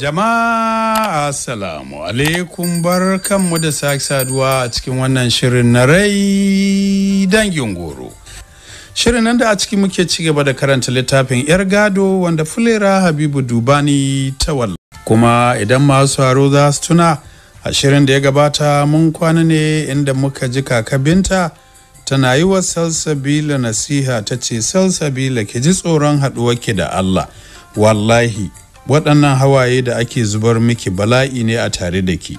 Jama'a Assalamu alaikum bar kanmu da sake saduwa a cikin wannan shirin na rai dangin goro. Shirin nan da a ciki muke ci gaba da karanta littafin 'yar gado wanda fulera Habibu Dubani ta walla. Kuma idan masu haro za su tuna a shirin da ya gabata mun kwana ne inda muka ji kakabinta tana yi wa salsabila nasiha ta ce salsabila ki ji tsoron haɗuwa ki da Allah. Wallahi waɗannan hawaye da ake zubar miki bala'i ne a tare da ki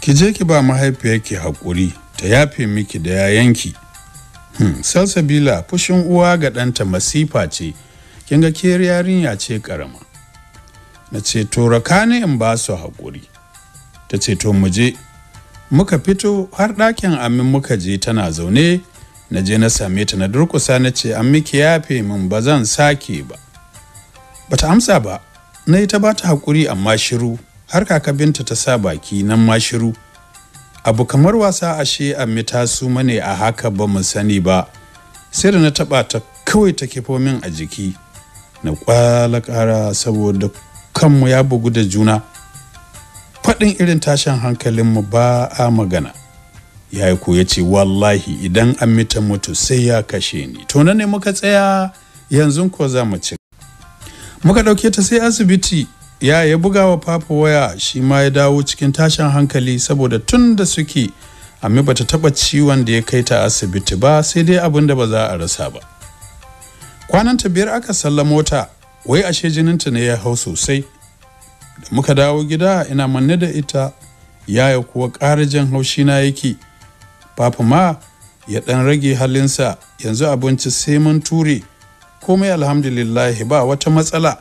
ki je ki ba mahaifiyarki haƙuri ta yafe miki da yayanki hmm, salsabila fushin uwa ga ɗanta masifa ce kinga ke yarinya ce ƙarama na ce to ne in ba su haƙuri ta ce to mu je muka fito har ɗakin amin muka je tana zaune na je na same ta na durkusa na ce an miki yafe min ba zan sake ba bata amsa ba na yi ta ba ta haƙuri a mashiru, har kaka binta ta sa baki nan mashiru. abu kamar wasa ashe a ta su mane a haka ba mu sani ba sai da na taɓa ta kawai ta kifo min a jiki na kwala ƙara saboda kanmu ya bugu da juna faɗin irin tashin hankalinmu ba a magana ya yi ya ce wallahi idan an mita mutu sai ya kashe ni to na ne muka tsaya yanzu ko za mu ci muka ɗauke ta sai asibiti ya ya buga wa papa waya shi ma ya dawo cikin tashin hankali saboda tun da suke amma bata taba ciwon da ya kai ta asibiti ba sai dai abin da ba za a rasa ba kwanan ta biyar aka salla mota wai ashe jininta ne ya hau sosai da muka dawo gida ina manne da ita ya yaya kuwa ƙara jan haushi na yake papa ma ya ɗan rage halinsa yanzu abinci sai mun ture komai alhamdulillahi ba wata matsala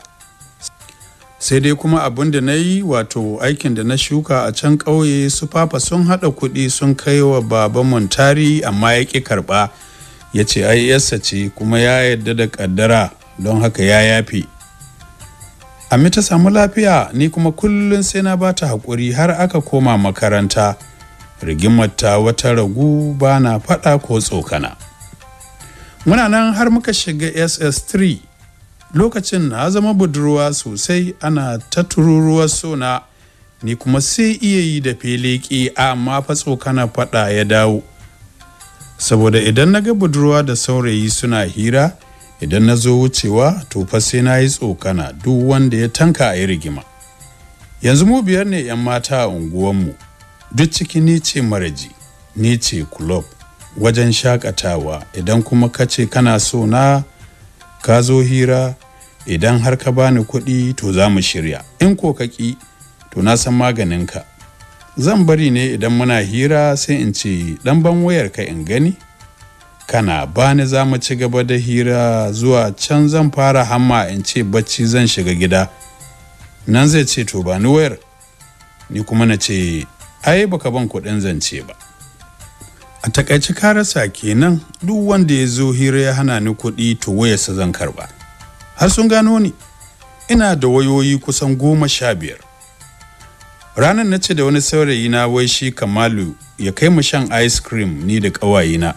sai dai kuma abin da na yi wato aikin da na shuka a can ƙauye su fafa sun haɗa kuɗi sun kai wa baban montari amma ya ƙi karɓa ya ce ai yarsa ce kuma ya yadda da ƙaddara don haka ya yafi Ami ta samu lafiya ni kuma kullum sai na bata haƙuri har aka koma makaranta rigimar wata ragu ba na faɗa ko tsokana. muna nan har muka shiga ss3 lokacin na zama budurwa sosai ana ta tururuwa sona ni kuma sai iya yi da feleke amma fa tsokana fada ya dawo saboda idan na ga budurwa da saurayi suna hira idan na zo wucewa to fa sai na yi tsokana duk wanda ya tanka a yi rigima yanzu mu biyar ne 'yan mata a unguwanmu duk ciki ni ce maraji ni ce kulob wajen shakatawa idan kuma ka ce kana so na ka zo hira idan har ka bani kuɗi to za mu shirya in ko ka ƙi to na san maganinka zan bari ne idan muna hira sai in ce ɗan ban ka in gani kana bani za mu ci gaba da hira zuwa can zan fara hamma in ce bacci zan shiga gida nan zai ce to "Bani wayar ni kuma na ce ai baka ban kuɗin zance ba a takaici rasa kenan duk wanda ya zo hira ya hana ni kuɗi to wayarsa zan karba har sun gano ni ina da wayoyi kusan goma sha biyar ranar na ce da wani saurayi na wai shi kamalu ya kai mu shan ice cream ni da ƙawayena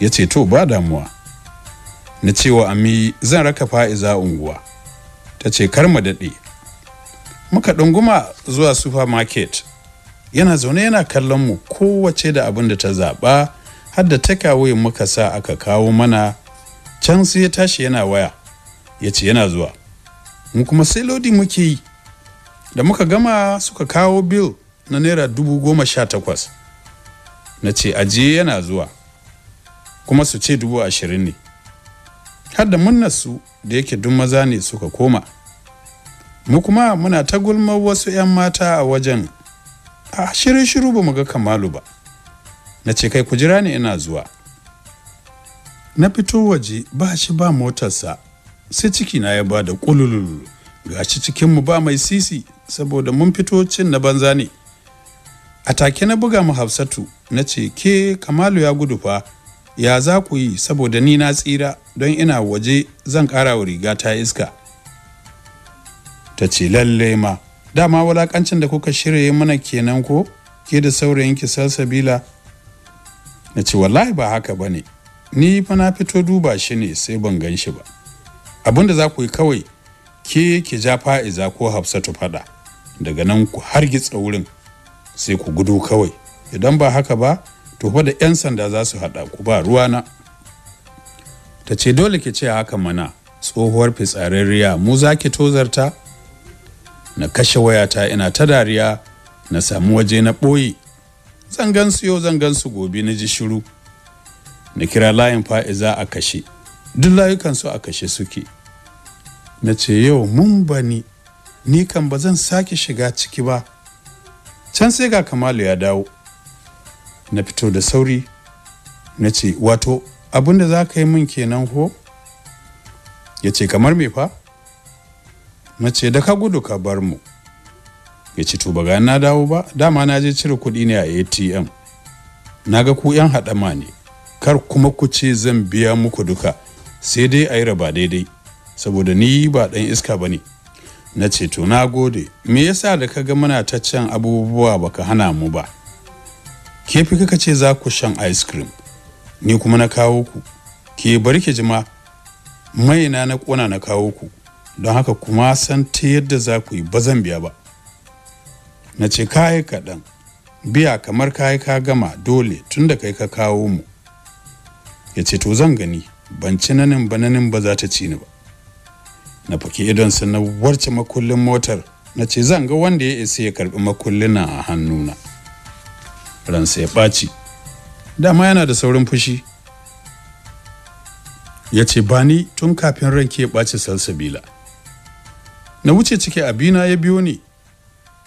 ya ce to ba damuwa na cewa ami zan raka fa'iza unguwa ta ce kar mu daɗe muka ɗunguma zuwa supermarket yana zaune yana kallon mu kowace da abin da ta zaɓa har da takeaway muka sa aka kawo mana can sai ya tashi yana waya ya ce yana zuwa mu kuma sai lodi muke yi da muka gama suka kawo bil na naira dubu goma sha takwas na ce ajiye yana zuwa kuma su ce dubu ashirin ne har da su da yake duk maza ne suka koma mu kuma muna ta gulmar wasu 'yan mata a wajen a shirin shiru ba mu ga kamalu ba na ce kai ku jira ni ina zuwa na fito waje ba shi ba motarsa sai ciki na ya ba da ga shi cikin mu ba mai sisi saboda mun fito cin na banza ne a take na buga mu hafsatu na ce ke kamalu ya gudu fa ya za ku yi saboda ni na tsira don ina waje zan ƙara wa riga ta iska ta ce lalle ma dama wulakancin da kuka shirya mana kenan ko ke da saurayin saurayinki salsabila na ce wallahi ba haka ba ne ni fa na fito duba shi ne sai ban gan shi ba abin da za ku yi kawai ke ki ja fa'iza ko hafsatu fada daga nan ku hargitsa wurin sai ku gudu kawai idan ba haka ba to fa da 'yan sanda za su hada ku ba ruwana ta ce dole ki ce haka mana tsohuwar fitsararriya mu za ki tozarta na kashe wayata ina ta dariya na samu waje na ɓoye zangan su yau zangan su gobe na ji shiru na kira layin fa'iza a kashe duk layukan su a kashe suke na ce yau mun bani ni kan ba zan sake shiga ciki ba can sai ga kamalu ya dawo na fito da sauri na ce wato abinda za ka yi min kenan ho? ya ce kamar me fa mace da ka gudu ka bar mu ya ci tuba ga na dawo ba dama na je cire kuɗi ne a atm na ga ku yan haɗama ne kar kuma ku ce zan biya muku duka sai dai a yi raba daidai saboda ni ba ɗan iska ba ne na ce to na gode me yasa da ka ga muna ta can abubuwa baka hana mu ba ke fi kaka ce za ku shan ice cream ni kuma na kawo ku ke bari ke jima mai na na kona na kawo ku don haka kuma san ta yadda za ku yi ba zan biya ba na ce kayi kaɗan biya kamar kayi ka gama dole tun da kai ka kawo mu ya ce to zan gani ban ci nanin ba nanin ba za ta ci ni ba na fake idon sa na warce makullin motar na ce zan ga wanda ya isa ya karbi makullina a hannuna ransa ya ɓaci dama yana da saurin fushi ya ce ba ni tun kafin ranki ya ɓaci salsabila na wuce cike abina ya biyo ni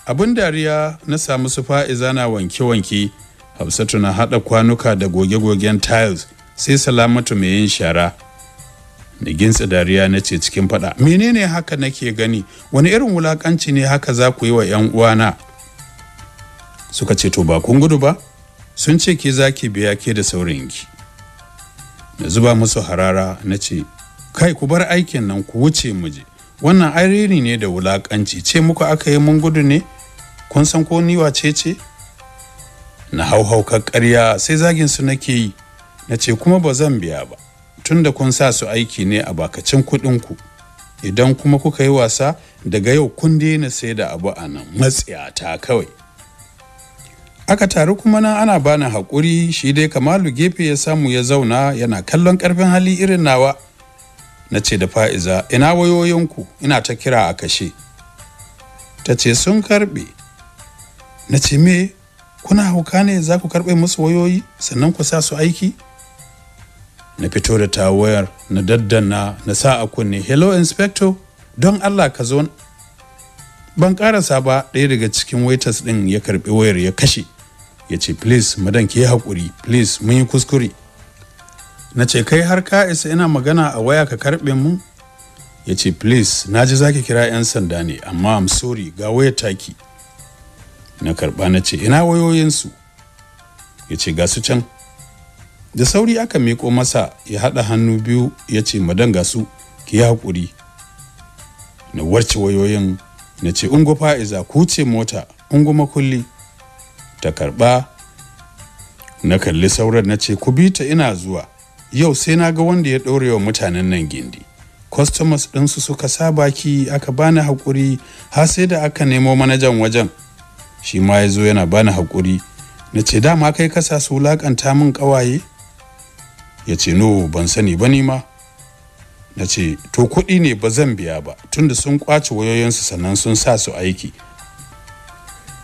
abin dariya na samu su fa'iza na wanke-wanke hafsatu na haɗa kwanuka da goge-gogen tiles sai salamatu mai yin shara Na gintsa dariya na ce cikin faɗa menene haka nake gani wani irin wulakanci ne haka za ku yi wa 'yan uwana suka ce to ba kun gudu ba sun ce ke za ki biya ke da saurayinki na zuba musu harara na ce kai ku bar aikin nan ku wuce mu je wannan ariri ne da wulakanci ce muku aka yi mun gudu ne kun san ko ni wace ce na hau karya sai zagin su nake yi na ce kuma ba zan biya ba tunda kun sa su aiki ne a bakacin ku idan kuma kuka yi wasa daga yau kun daina sai da abu a nan matsiyata kawai aka taru kuma nan ana bani haƙuri shi dai kamalu gefe ya samu ya zauna yana kallon ƙarfin hali irin nawa na ce da fa'iza ina wayoyinku ina ta kira a kashe ta ce sun karbe na ce me kuna hauka ne za ku karbe musu wayoyi sannan ku sa su aiki na fito da tawayar na daddana na sa a kunne hello inspector don allah ka zo ban karasa ba ɗaya daga cikin waiters ɗin ya karbi wayar ya kashe ya ce please madan ki yi haƙuri please mun yi kuskure na ce kai har ka isa ina magana a waya ka karɓe mu ya ce please na ji za kira 'yan sanda ne amma am sorry ga waya taki na karɓa na ce ina wayoyinsu ya ce ga su can da sauri aka miko masa ya haɗa hannu biyu ya ce madan ga su ki yi haƙuri na warce wayoyin na ce ungo fa'iza ku ce mota ungo makulli ta karɓa na kalli sauran na ce ku bi ta ina zuwa yau sai na ga wanda ya ɗore wa mutanen nan gindi customers ɗinsu suka sa baki aka bani haƙuri har sai da aka nemo manajan wajen shi ma ya zo yana bani haƙuri na ce dama kai kasa su wulaƙanta min ƙawaye ya ce no ban sani ba ma na ce to kuɗi ne ba zan biya ba tunda sun ƙwace wayoyinsu sannan sun sa su aiki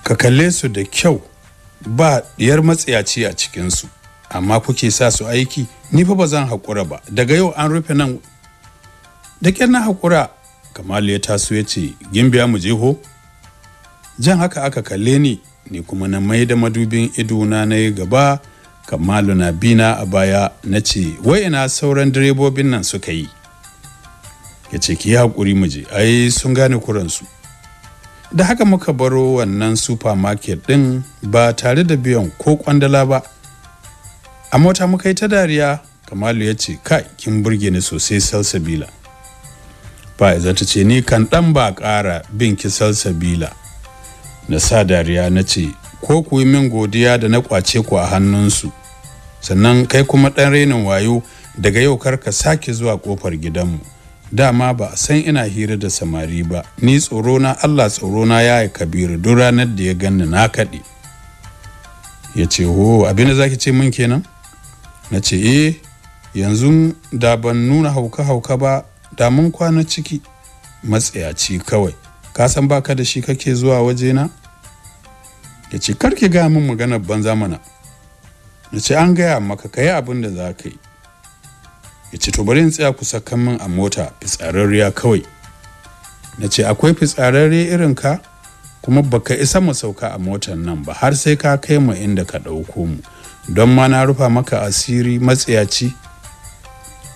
ka kalle su da kyau ba ɗiyar matsiyaci a cikinsu amma kuke sa su aiki ni fa ba zan haƙura ba daga yau an rufe nan da ƙyar na haƙura kamalu ya taso ya ce gimbiya mu je ho jan haka aka kalle ni ni kuma na mai da madubin idona na yi gaba kamalu na bina a baya na ce wai ina sauran direbobin nan suka yi ya ce ki haƙuri mu je ai sun gane kuransu da haka muka baro wannan supermarket din ba tare da biyan ko kwandala ba a mota muka yi ta dariya kamalu ya ce kai kin burge ni sosai salsabila ya ta ce ni kan dan ba ƙara bin ki salsabila na sa dariya na ce ko ku yi min godiya da na kwace ku a hannunsu sannan kai kuma ɗan renin wayo daga yau kar ka sake zuwa ƙofar gidanmu dama ba a san ina hira da samari ba ni tsoro na allah tsoro na ya yi kabiru duk ranar da ya ganni na kaɗe ya ce ho abin zaki ce mun kenan na ce eh yanzu da ban nuna hauka-hauka ba da mun kwana ciki matsayaci kawai ka san baka da shi kake zuwa wajena ya ce karki gaya min maganar banza mana na ce an gaya maka ka yi abin da za ka yi ya ce to bari in tsaya kusa kan min a mota fitsararriya kawai na ce akwai fitsararre irin ka kuma baka isa mu sauka a motar nan ba har sai ka kai mu inda ka ɗauko mu don ma na rufa maka asiri matsiyaci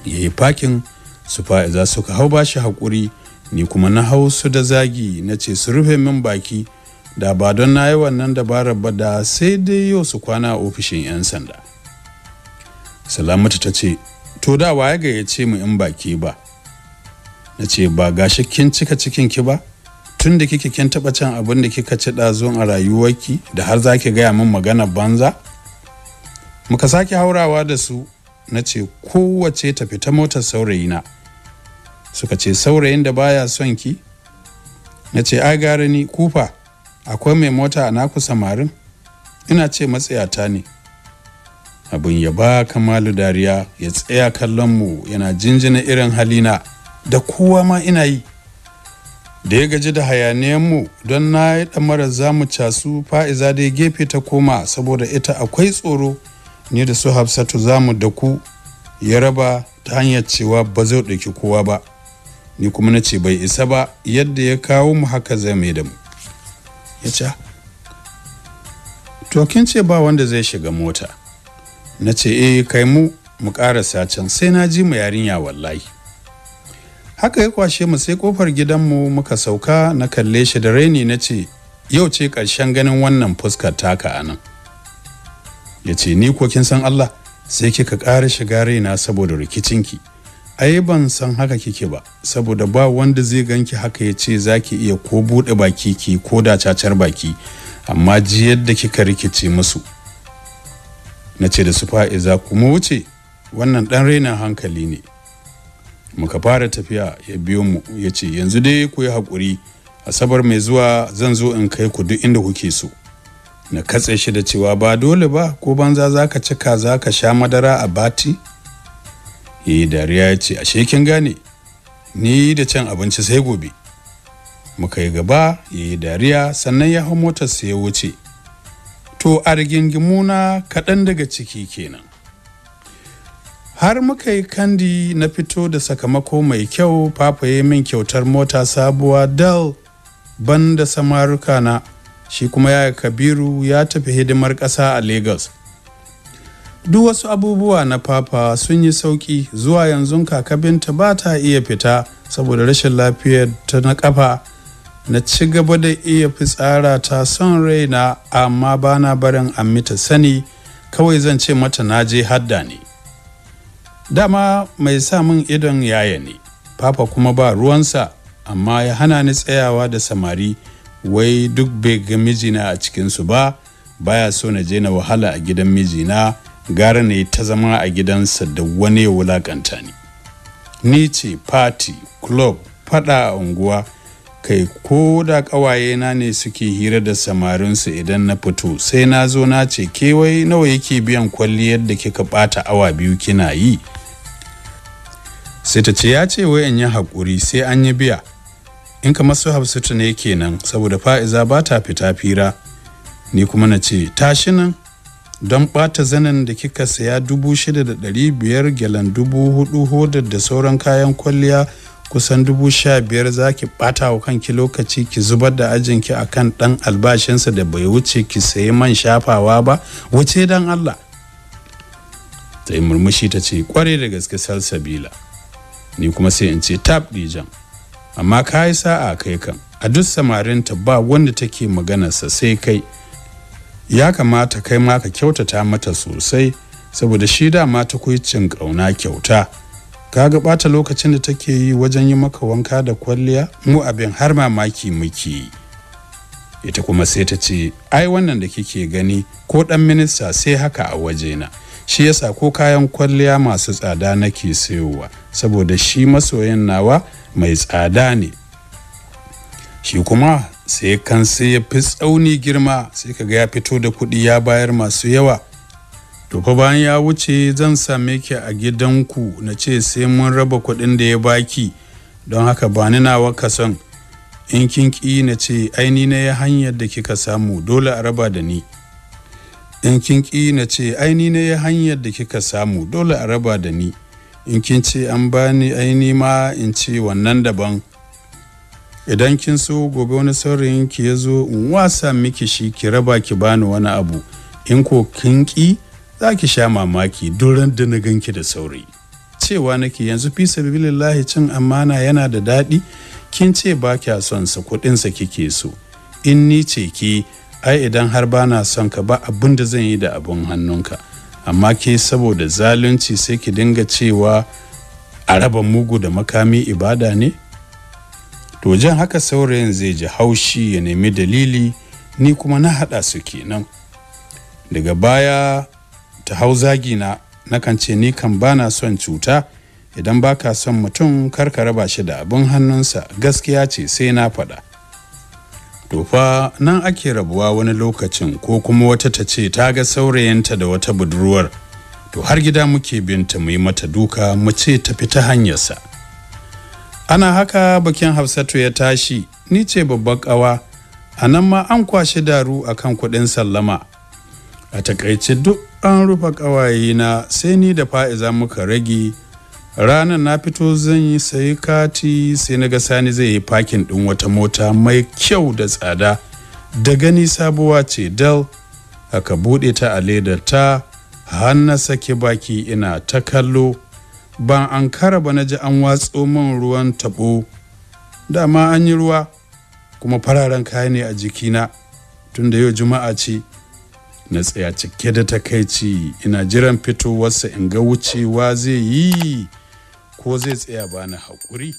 ya yi fakin su fa'iza suka hau bashi shi haƙuri ni kuma na hau su da zagi na ce su rufe min baki da ba don na yi wannan dabarar ba da sai dai yau su kwana a ofishin 'yan sanda salamatu ta ce to da waye gayyace mu in baki ba na ce ba gashi kin cika cikin ki ba tun da kike kin taɓa can abin da kika ci ɗazun a rayuwarki da har za ki gaya min magana banza muka sake haurawa da su na ce kowace ta fita motar saurayina suka ce saurayin da baya son ki na ce ai gara ni kufa akwai mai mota a naku samarin ina ce matsayata ne abin ya ba kamalu dariya ya tsaya kallon mu yana jinjina irin halina da kowa ma ina yi da ya gaji da hayaniyan mu don na yi za zamu casu fa'iza dai gefe ta koma saboda ita akwai tsoro ni da su hafsatu za mu da ku ya raba ta hanyar cewa ba zai ɗauki kowa ba ni kuma na ce bai isa ba yadda ya kawo mu haka zai mai da mu ya ce ah, to kin ce ba wanda zai shiga mota na ce eh kai mu mu ƙarasa can sai na ji mu yarinya wallahi haka ya kwashe mu sai kofar mu muka sauka na kalle shi da raini na ce yau ce ƙarshen ganin wannan fuskar taka a nan ya ce ni ko kin san Allah sai kika ƙara shiga raina saboda rikicinki ai ban san haka kike ba saboda ba wanda zai ganki haka ya ce za ki iya ko buɗe baki ki ko da cacar baki amma ji yadda kika rikice musu na ce da su fa'iza kuma wuce wannan ɗan raina hankali ne muka fara tafiya ya biyo mu ya ce yanzu dai ku yi haƙuri asabar mai zuwa zan zo in kai ku duk inda kuke so na katse shi da cewa ba dole ba ko banza za ka cika za ka sha madara a bati yi dariya ya ce ashe kin gane ni da can abinci sai gobe muka yi gaba ya yi dariya sannan ya hau motarsa ya wuce to a na kaɗan daga ciki kenan har muka yi kandi na fito da sakamako mai kyau fafaye min kyautar mota sabuwa dal ban da samaruka na shi kuma yaya kabiru ya tafi hidimar ƙasa a Legas. duk wasu abubuwa na papa sun yi sauƙi zuwa yanzu kakabinta ba ta iya fita saboda rashin lafiyar ta na ƙafa na ci gaba da iya fi tsara ta son raina amma ba na barin amita sani kawai zan ce mata na je hadda ne dama mai sa min idon yaya ne papa kuma ba ruwansa amma ya hana ni tsayawa da samari wai duk bai ga mijina a cikinsu ba baya so na je na wahala a gidan mijina gara ne ta zama a gidansa da wani ya wulakanta ni ni ce Fati club fada a unguwa kai ko da kawaye na ne suke hira da samarinsu idan na fito sai na zo na ce kewai nawa yake biyan kwalliyar da kika bata awa biyu kina yi sai ta ce ya ce wayan yi haƙuri sai an yi biya in kamar su hafsatu ne kenan saboda fa'iza ba ta fita fira ni kuma na ce tashi nan don ɓata zanen da kika saya dubu shida da ɗari biyar gyalan dubu hudu hodar da sauran kayan kwalliya kusan dubu sha biyar za ki ɓata wa kanki lokaci ki zubar da ajinki a kan ɗan albashinsa da bai wuce ki sayi man shafawa ba wuce dan Allah. Ta yi murmushi ta ce kware da gaske salsabila ni kuma sai in ce tab dijan. amma ka yi sa'a kai kan a duk samarinta ba wanda take sa sai kai ya kamata kai ma ka kyautata mata sosai saboda shi da ma ta cin ƙauna kyauta ka ga ɓata lokacin da take yi wajen yi maka wanka da kwalliya mu abin har mamaki muke ita kuma sai ta ce ai wannan da kike gani ko ɗan minista sai haka a waje na shi yasa ko kayan kwalliya masu tsada nake sayowa saboda shi masoyin nawa mai tsada ne shi kuma sai kan sai ya fi tsauni girma sai kaga ya fito da kuɗi ya bayar masu yawa to fa bayan ya wuce zan same ki a gidanku na ce sai mun raba kuɗin da ya baki don haka ba ni nawa son. in kin ƙi na ce aini na ya hanyar da kika samu dole a raba da ni in kin ƙi na ce aini ne ya hanyar da kika samu dole a raba da ni in kin ce an bani aini ma in ce wannan daban idan kin so gobe wani saurayin ki ya zo in wasa miki shi ki raba ki bani wani abu in ko kin ƙi za ki sha mamaki duran da na ganki da sauri cewa nake yanzu fi sabilillahi cin amana yana da daɗi kin ce ba kya son sa kuɗinsa kike so in ni ce ki ai idan har ba na son ka ba abin da zan yi da abin hannunka amma ke saboda zalunci sai ki dinga cewa a raba mugu da makami ibada ne to jan haka saurayin zai ji haushi ya nemi dalili ni kuma na haɗa su kenan daga baya ta hau zagina nakan ce ni kan bana son cuta idan baka son mutum karka raba shi da abin hannunsa gaskiya ce sai na faɗa to fa nan ake rabuwa wani lokacin ko kuma wata ta ce ta ga saurayinta da wata budurwar to har gida muke binta mu yi mata duka mu ce ta fita hanyarsa ana haka bakin hafsatu ya tashi ni ce babbar kawa a nan ma an kwashe daru a kan kuɗin sallama a takaice duk an rufe ƙawayena sai ni da fa'iza muka rage ranar na fito zan yi sayi kati sai na ga sani zai yi fakin ɗin wata mota mai kyau da tsada da gani sabuwa ce dal aka buɗe ta a ledar ta har na sake baki ina ta kallo ban an kara ba na ji an watso min ruwan taɓo dama an yi ruwa kuma fararen kaya ne a jikina tunda yau juma'a ce na tsaya cike da takaici ina jiran fitowarsa in ga wucewa zai yi ko zai tsaya bani haƙuri